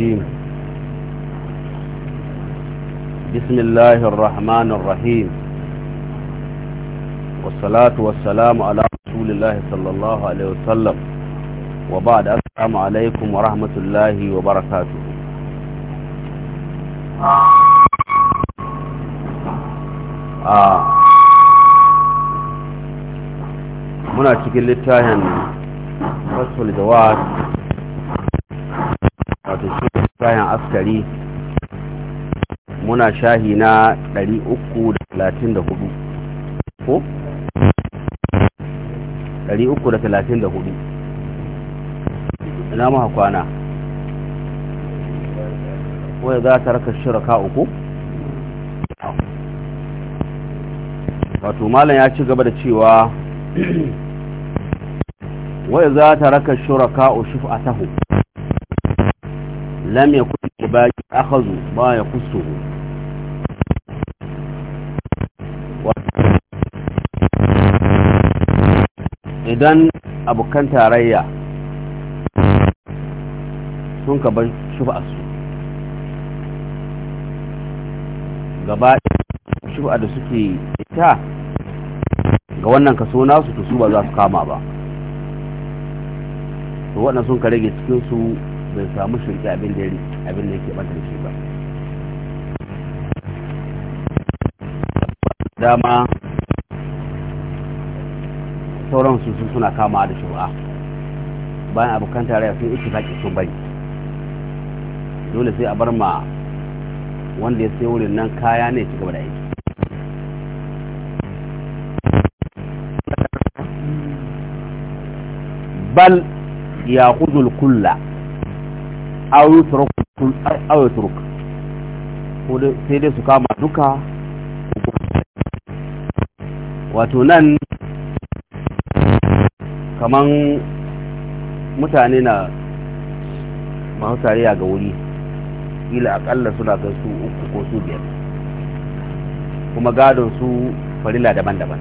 الرجيم بسم الله الرحمن الرحيم والصلاة والسلام على رسول الله صلى الله عليه وسلم وبعد السلام عليكم ورحمة الله وبركاته آه. muna cikin littafin fasul jawad askari muna shahi na 334 ko? 334 ina maha kwana wadda za ta raka shiraka uku? wato malam ya ci gaba da cewa wadda za ta raka shirka ushuf a taho lam ya ibaki akhazu ma yakussuhu idan abokan tarayya sun ka ban shufa su gaba shufa da suke ita ga wannan kaso nasu to su ba za su kama ba to waɗanda sun ka rage cikinsu bai samu shirki abin da abin da yake da shi ba dama sauran su suna kama da shura bayan abokan tarayya sun iki zaki sun bari dole sai a bar ma wanda ya sai wurin nan kaya ne ci gaba da aiki bal ya kulla ayu turuk sai dai su kama duka wato nan kaman mutane na masu tariya ga wuri ila akalla suna kan su uku ko su biyar kuma gadon su farila daban-daban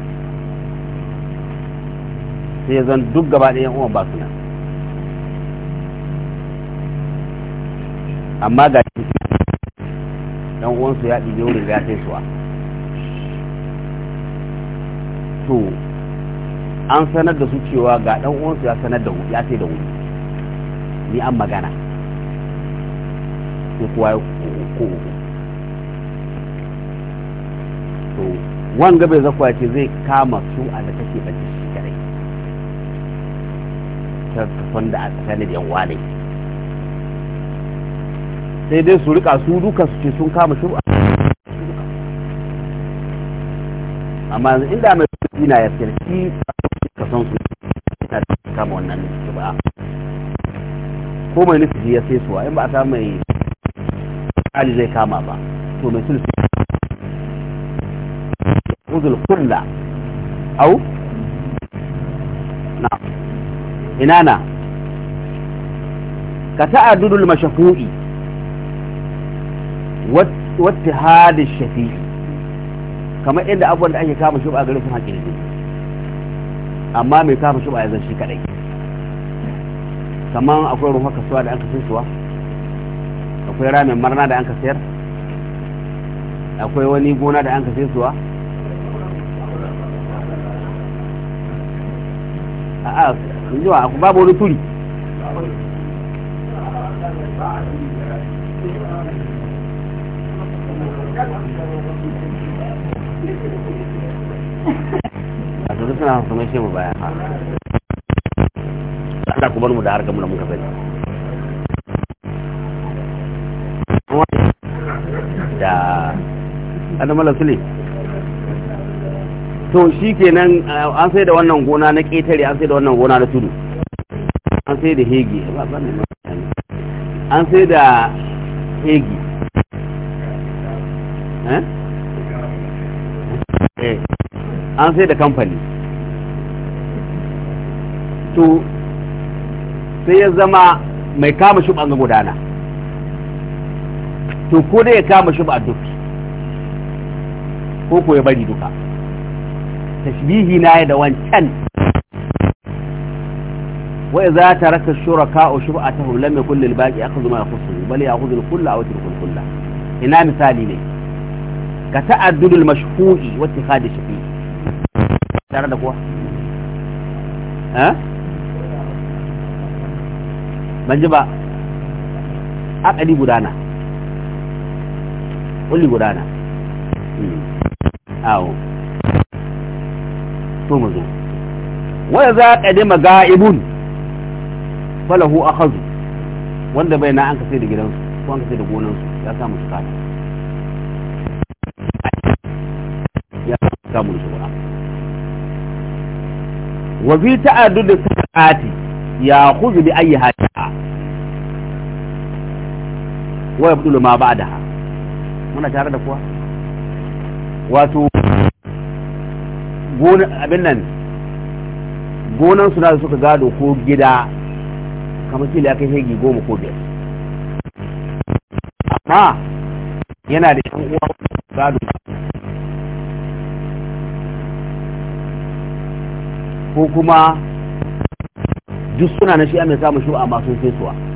sai zan duk gaba ɗaya umar ba su nan amma ga shi dan uwansu ya ɗige wurin ya sai suwa to an sanar da su cewa ga dan uwansu ya sanar da ya sai da wuri ni an magana sai kuwa ko to wanga bai zakwa ce zai kama su a da take bace shi kare ta da a tsakanin yan walai sai dai su rika su duka su ce sun kama shuru'a amma yanzu inda mai shirki na ya shirki ka san su na kama wannan shirka ko mai nufi ya sai suwa in ba a samu mai kali zai kama ba to mai sulhu kuzul kulla au na inana ka ta'addudul mashfu'i wata hada shafi kamar inda abubuwan da ake kama shuba a garin sun haƙi ne amma mai kama shuba ya zan shi kaɗai kamar akwai ruwa kasuwa da an kasin suwa akwai ramin marna da an ka sayar akwai wani gona da an ka suwa a'a zuwa babu wani turi na kuma shi mu baya Allah ku bar mu da harkar mu da muka sani da adamala sule to shi kenan eh, an sai da wannan gona na ƙetare an sai da wannan gona na tudu an sai da hegi an sai da hegi eh? Eh. an sai da kamfani wato sai ya zama mai kama shi ga gudana to ko dai ya kama shi ba duk ko ko ya bari duka tashbihi na ya da wancan Wai wa idza taraka shuraka shub'atahum lam yakul lil baqi akhudhu ma yakhusu bal ya'khudhu al kulla a yatrukul kullu ina misali ne ka ta'addudul mashhu'i wa ittikhad shafi'i tare da kuwa eh ban ji ba akali gudana kulli gudana hmm. awo to mu zo wanda za a ƙadima ga'ibun falahu a wanda bai na an kasai da gidansu ko an kasai da gonansu ya samu su kata ya samu su ba wa bi ta'addud sa'ati ya khudh bi ayyi hati wa yabdulu ma ba'daha muna tare da kuwa wato gona abin nan gonan su na suka gado ko gida kamar da kai hegi goma ko biyar amma yana da shan uwa gado ko kuma duk suna na shi a mai samun shu'a masu fesuwa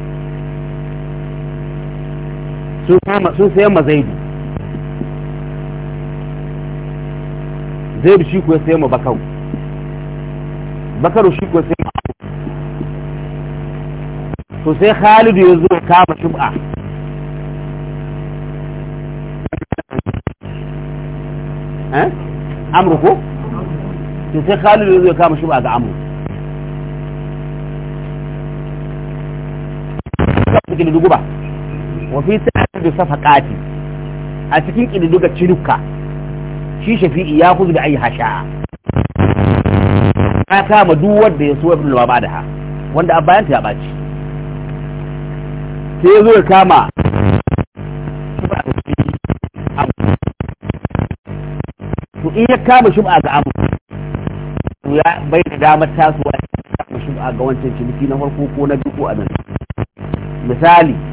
sun sayan ma zaidu zaidu shi kuwa sayan ma bakaru bakaru shi kuwa sayan ma to sai khalidu ya zo kama shub'a eh? amru ko? to sai khalidu ya zo kama shub'a ga amru wafi da wafi addu safaqati a cikin ga ciruka shi shafi'i ya kuzu da ayi hasha ka kama duk wanda ya so ibn al ha, wanda abayan ta baci sai zo ya kama to in ya kama ba ga to ya bai da damar tasowa ya kama ga wancan ciniki na farko ko na biyu ko a nan misali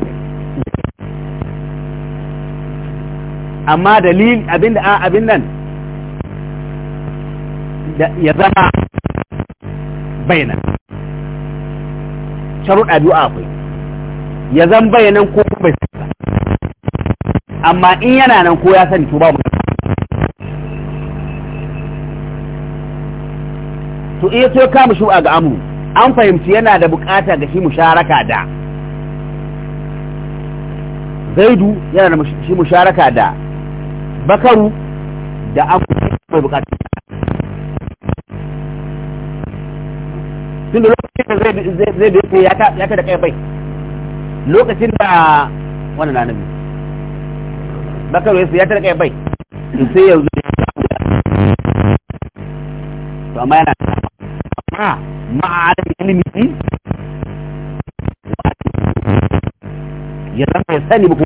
amma dalil abin da abin nan ya zama bayanan sharuɗa biyu akwai ya zan bayanan ko bai sani amma in yana nan ko ya sani to ba mu to iya to ya kama shu'a ga amu an fahimci yana da bukata ga shi musharaka da zaidu yana da shi musharaka da bakaru da abu mai bukatu tun da lokacin da zai da ya ta da kai bai lokacin da wani na nabi bakaru ya ta da kai bai in sai yanzu da to amma yana amma ma'adar ilimi ya zama ya sani ba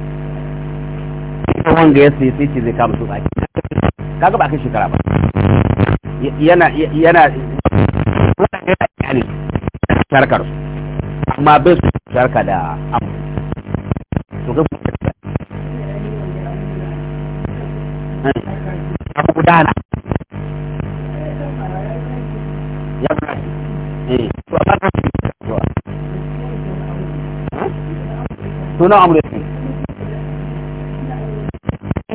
sai wanda ya sai sai ce zai kama su tsaki kaga ba kai shekara ba yana yana yana sharkar su amma bai su sharka da to ga ya ba eh to ba ka to na amure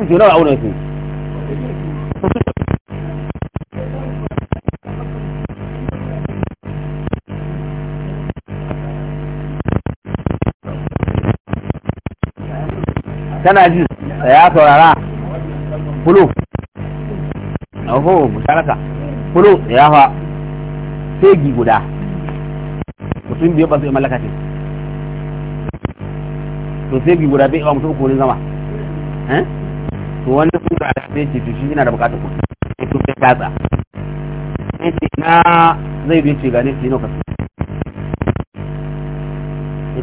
su nawa auna su kana ji ya saurara fulo ko musharaka fulo ya fa fegi guda mutum biyu ba su yi mallaka ce to fegi guda bai wa mutum uku ne zama eh to wani su da sai ce to shi yana da bukatar kuɗi sai to sai katsa sai ce na zai bi ce gane shi nawa ka sai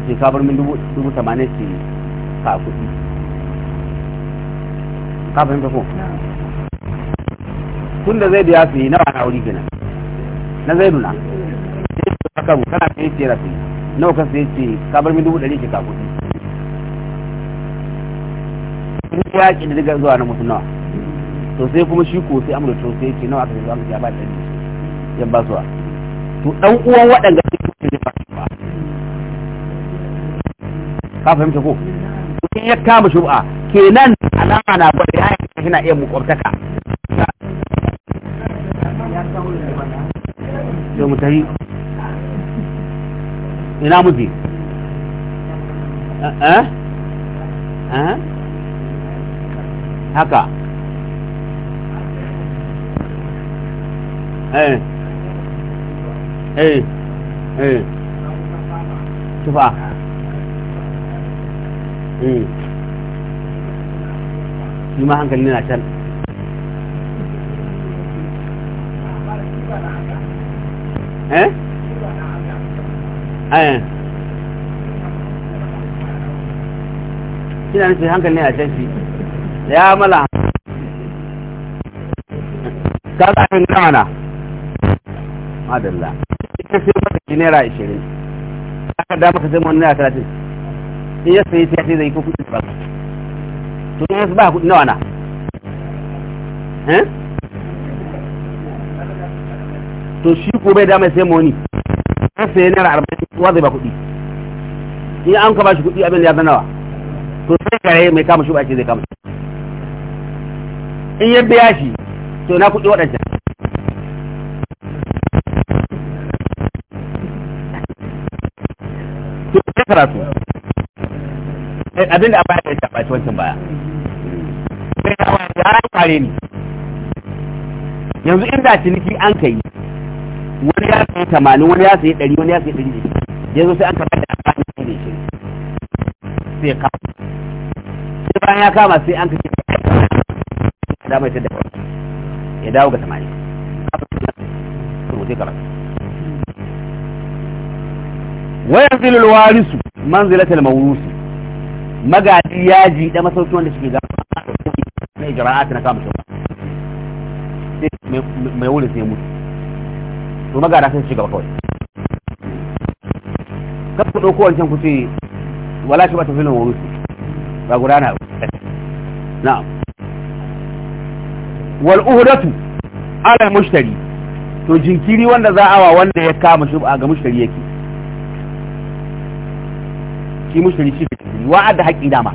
ce ka bar min dubu tamanin ce ka kuɗi ka fahimta ko tun da zai biya su yi ba na wuri gina na zai nuna sai ce ka karu kana sai ce rafi nawa ka sai ce ka bar min dubu ɗari ce ka kuɗi ya yaƙi da daga zuwa na mutum nawa to sai kuma shi ko sai amurka to sai ke nawa aka zai amurka ya ba da yan ba zuwa to ɗan uwan waɗanda su ke da ba ka fahimta ko in ya kama shub'a kenan alama na da yaya ka na iya mukwabtaka yau mu tari ina muke eh eh, eh? haka eh eh eh tufa hmm. shi ma hankali na can eh eh kina na nufin hankali na can shi ya mala ka zafin kamana madalla ita sai ba ki naira ashirin aka dama ka zama mu naira talatin in ya sai sai sai zai ko kudin ba to ne ya ba kudin nawa na eh? to shi ko bai dama sai mu sai sai naira arba'in wa zai ba kudi in an ka ba shi kudi abin ya zanawa to sai kare mai kama shi ba ce zai kama shi in ya biya shi to na kuɗi waɗancan to ya karatu eh, abinda a baya ya shaɓa wancan baya sai ya wani ya kare ni yanzu inda ciniki an kai wani ya sayi tamanin wani ya sayi ɗari wani ya sayi ɗari yanzu sai an karɓar da amfani da shi sai ya kama sai bayan ya kama sai an kai damar shi da kwanci ya dawo ga samari rubuce karatu wayan zilul warisu manzilatul mawrusu magadi yaji da masauki wanda suke gaba na ijra'at na kama shi mai wuri sai mutu to magada sai shiga kawai kan ku dauko wancan ku ce wala shi ba ta filin wurusu ba gudana na'am wal ala mushtari to jinkiri wanda za a wa wanda ya kama shi ga mushtari yake shi mushtari shi da jinkiri wa adda haƙi dama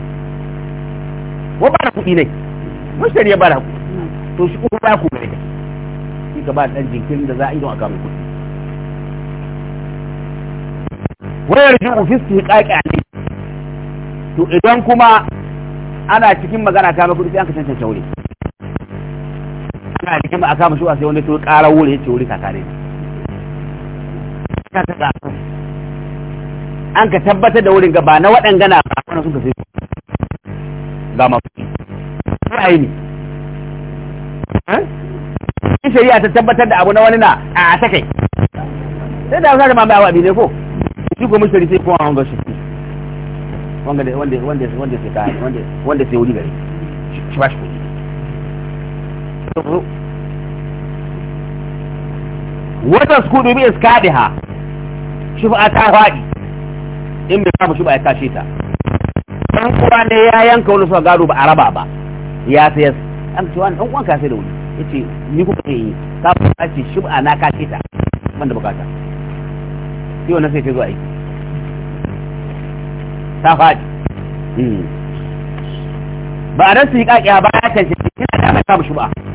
wa ba da kuɗi ne mushtari ya ba da haƙi to shi kuma ba ku ne shi ka ba da jinkirin da za a yi don a kama kuɗi wayar jin ofis fi istihqaqi alayhi to idan kuma ana cikin magana ta kuɗi sai an ka cancanta wuri ana rigima a kama shuwa sai wani to ƙara wuri yace wuri kaka ne an ka tabbatar da wurin gaba na waɗangana ba wannan sun ka sai ga mafi ra'ayi ne eh? shari'a ta tabbatar da abu na wani na a ta kai sai da zaka mamaye abu ne ko shi ko mushari sai ko an ga shi wanda sai wuri gari shi ba shi sun zo wata su kudu ha. iskadiha shufa ta faɗi in bai samu shufa ya kashe ta Ɗan kuwa ne ya yanka wani suka gado ba a raba ba ya sayar an ce wani dan uwan kashe da wani ce ni kuka ce yi ka fara ce shufa na kashe ta banda bukata sai wannan sai ce zuwa aiki ta faɗi hmm. ba a nan su yi ƙaƙiya ba ya shi ina da mai samu shufa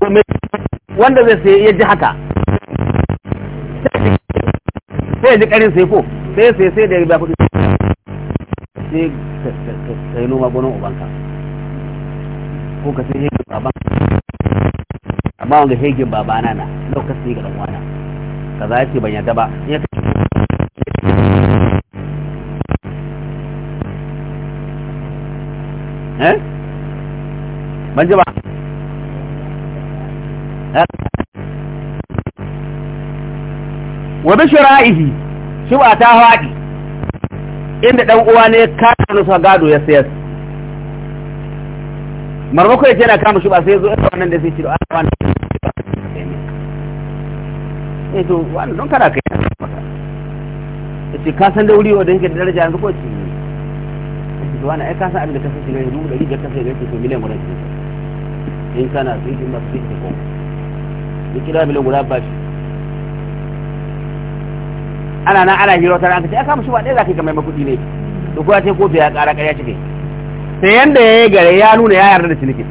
domin wanda zai sai ya ji haka sai ji karin sai ko sai sai sai da ya biya sai sai ka noma gonan ubanka ko ka sai hegin baban amma wanda hegin babana na nau ka sai ga ɗanwana ka za ya ce ban yadda ba ya ka eh? ban ji ba wa bi shira'ihi ba ta haɗi inda ɗan uwa ne kashin nusa gado ya sayar marmako ya jana kama ba sai zo ita wannan da zai ci da wani ne eh to wani don ya ce kasan da wuri wadda yake da daraja yanzu ko ce ne wani ai kasan abin da kasan shi ne kasan ya ce to miliyan shi in kana sun yi masu yi ya kira miliyan guda ba shi ana nan ana hira wata ranka sai aka mishi ba ɗaya zaka yi kamar makudi ne to ko ya ce kotu ya ƙara ƙarya cike sai yanda ya yi gare ya nuna ya yarda da cinikin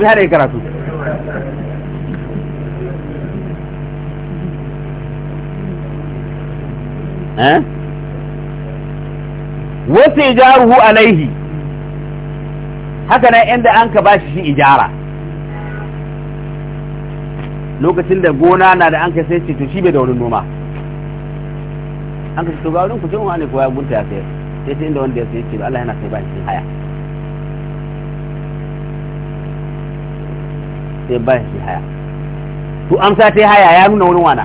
zai yi karatu eh? wasu ijaruhu alaihi haka nan inda an ka bashi shi ijara lokacin da gona na da an kai sai ce to shi bai da wurin noma an kai to ga wurin ku ce wani ko ya gunta ya sayar sai sai inda wanda ya sayar ce Allah yana sai ba shi haya sai ba shi haya to amsa ta haya ya nuna wurin wana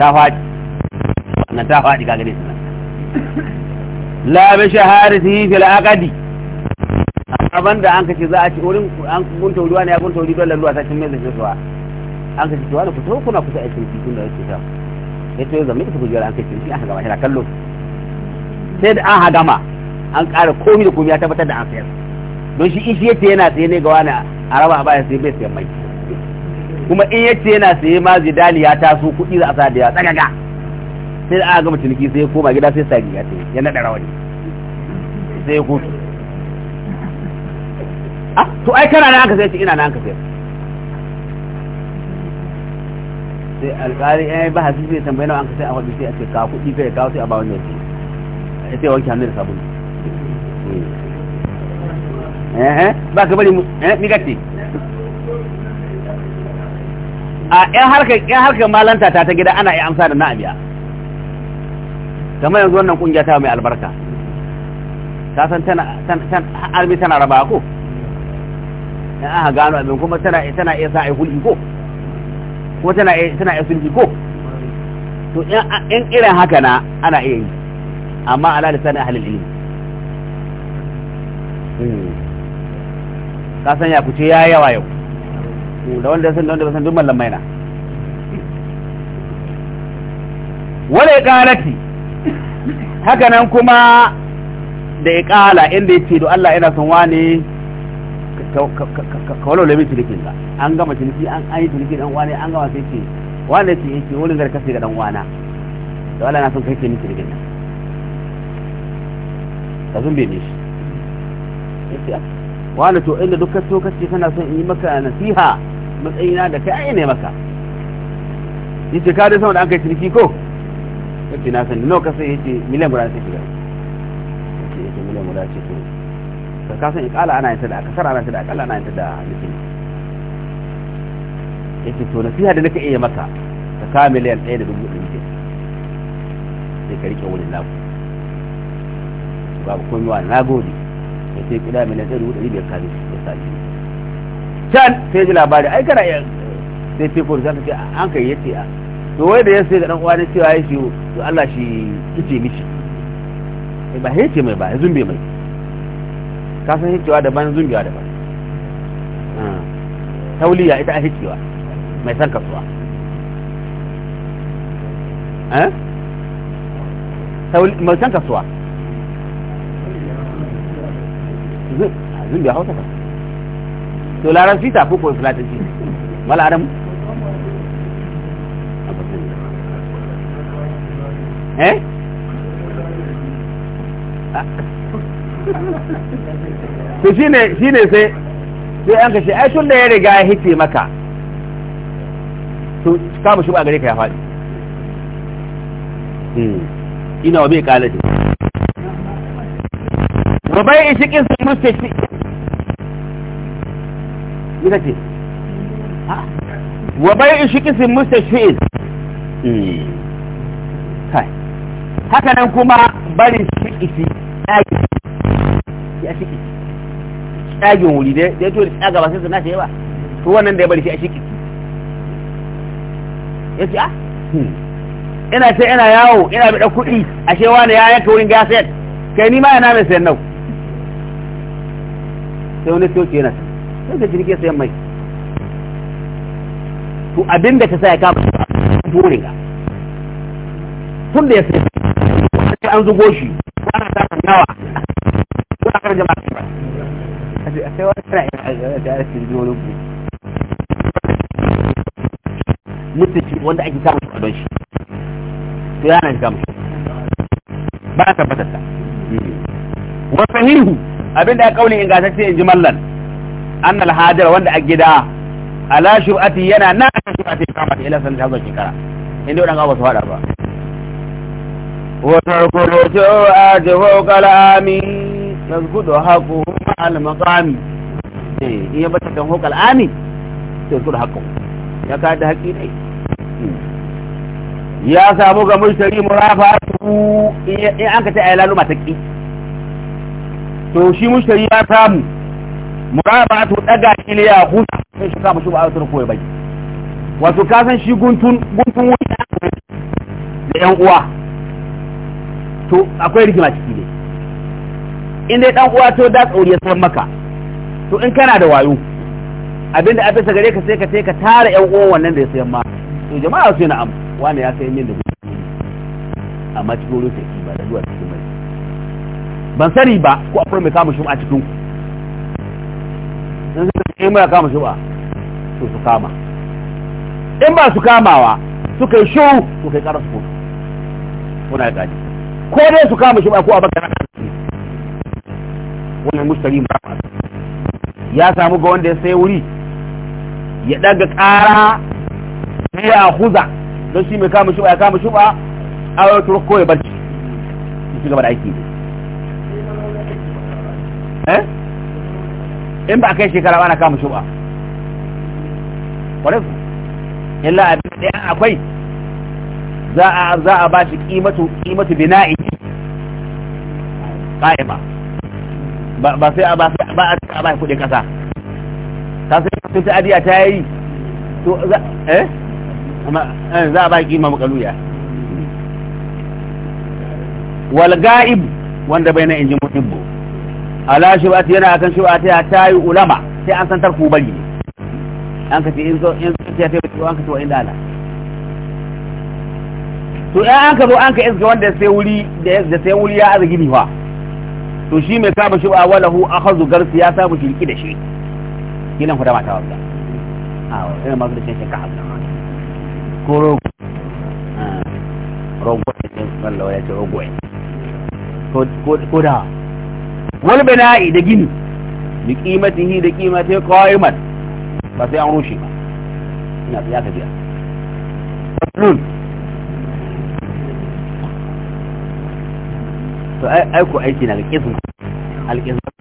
ta faɗi wannan ta faɗi ka gane su la bi shaharatihi fil aqdi da an kace za a ci wurin an gunta ruwa ne ya gunta wuri dole ruwa ta cin mai zai suwa an kace suwa da kusa kuna kusa a cikin tun da yake ta ya ce zama ita kujiyar an kace shi an gama shi kallo sai da an hagama an ƙara komi da komi ya tabbatar da an sayar don shi ishi yace yana saye ne ga wani a raba a baya sai bai sayan mai kuma in yace yana saye ma zidali ya taso kuɗi za a sa da ya tsagaga sai da aka gama ciniki sai ya koma gida sai sa ya ce yi ya naɗa rawani sai ya kutu to ai kana na aka sai ina na aka sai sai alƙari eh ba hasi sai tambaye nawa an sai a wani sai a ce ka kuɗi kai ka sai a ba wani ya ce sai wanke hannun da sabulu eh, eh eh ba ka bari mu eh mi gatti a yan harkar yan harkar malanta ta ta gida ana yi amsa da na abiya kamar yanzu wannan kungiya ta mai albarka ta san tana tana tana armi tana raba ko in aka gano abin kuma tana iya sa a yi hulki ko kuma tana iya sulki ko to in irin haka na ana iya yi amma ala da sanin ahalil ilimi hmm. ka san ya kuce ya yawa yau da wanda san da wanda san duk mallamai na wala iqalati haka nan kuma da iqala inda yace do Allah yana son wani ka walwale min cinikin ka an gama ciniki an an yi ciniki dan wani an gama sai ce wani ce yake wurin gar kasi ga dan wana da wala na son kai ce cinikin nan ka zumbe ne shi yace wani to inda duk kaso kace kana son in yi maka nasiha matsayina da kai ai ne maka yace ka dai sama da an kai ciniki ko yace na san nawa kasa yace miliyan guda sai shiga yace miliyan guda ce da kasan ikala ana ta da kasar ana ta da akalla ana ta da mutum yake to nasiha da naka iya maka ta kawo miliyan ɗaya da dubu ɗin ke sai ka riƙe wani naku babu kunnuwa na gode ya ce kuɗa miliyan ɗaya da dubu ɗari biyar kare ya sa biyu can sai ji labari ai kana iya sai ce ko zata ce an kai yace a to wai da ya sai ga dan uwa ne cewa ya shi to Allah shi kice mishi ba hece mai ba zumbe mai ka san hikkewa daban zumbiwa daban ah. tauliya ita a hikewa mai san kasuwa eh? mai san kasuwa zumbiwa hausa kasuwa to laran fita ko kuwa filatin filatanci mala adam eh ah. to shi ne sai sai an kashe ai tun da ya riga ya hice maka to kama shi ba gare ka ya faɗi hmm. ina wa bai kalati wa bai ishikin sun musta shi ita ce wa bai ishikin sun musta shi hmm. haka nan kuma bari shi isi ɗaki a shiki tsagin wuri da ya tori tsaga ba sai su nace yawa to wannan da ya bari shi a shiki ya ce ah hmm. ina ce ina yawo ina bi ɗan kuɗi a shewa ne ya yanka wurin gasiyar kai ni ma yana mai sayan nau sai wani sai yana sai ka jirgin sayan mai to abin da ka sa ya kama burin ga tun da ya sai an zugo shi ana kan yawa tarjama shi ba sai wani tana ga mutum ba a tabbatar ta abinda ya kauli wanda a ala yana na ila ba wa amin nasgudu haƙo ma'al maqami eh in ya bata kan hukal ami to su da ya ka da haƙi ya samu ga mushtari murafatu in an ka ta aylalu mataki to shi mushtari ya samu murafatu daga ile ya huta sai shi kama shi ba a tsoro bai wato ka san shi guntun guntun wani da yan uwa to akwai rigima ciki ne in dai dan uwa to da tsauri ya san maka to in kana da wayo abinda a bisa gare ka sai ka sai ka tara yan uwan wannan da ya sayan ma to jama'a sai na wani ya sayan min da gudu amma cikin rufe ba da zuwa cikin mai ban sani ba ko akwai mai kama shuba a cikin ku in sai kai mai kama shuba to su kama in ba su kamawa suka yi shu su kai karasu kuna ya gaji ko dai su kama shuba ko a baka na wani mustari ba ya samu ga wanda ya sai wuri ya daga kara sai ya huza don shi mai kama shuba ya kama shuba a yau turko ya barci su shiga da aiki eh in ba a kai shekara na kama shuba kwarai illa a abin da akwai za a ba shi kimatu kimatu bina'i ba. ba sai a ba a cika ba kudin kasa ta sai ta adiya ta yi to za eh, eh za a ba ki kima makaluya wal ga'ib wanda bai na inji muhibbu ala shubati yana akan shubati ya tayi ulama sai an san tarku bari an ka ce in zo in zo ta yi an ka ce wa inda ala to ya an ka zo an ka iska wanda sai wuri da sai wuri ya arziki fa to shi mai kama shi ba walahu akhadhu garsi ya samu shirki da shi kinan ku da mata wanda a ah, ina masu da shi ka habla ko rogo ah, rogo ne wallahi ya ce rogo ko ko da wal bana'i da gini bi qimatihi da qimati qa'iman ba sai an rushe ba ina ya tafiya biya to aiko aiki na ga kisan alƙisan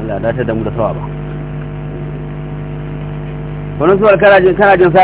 Allah da ta damu da sawa ba wani suwar karajin karajin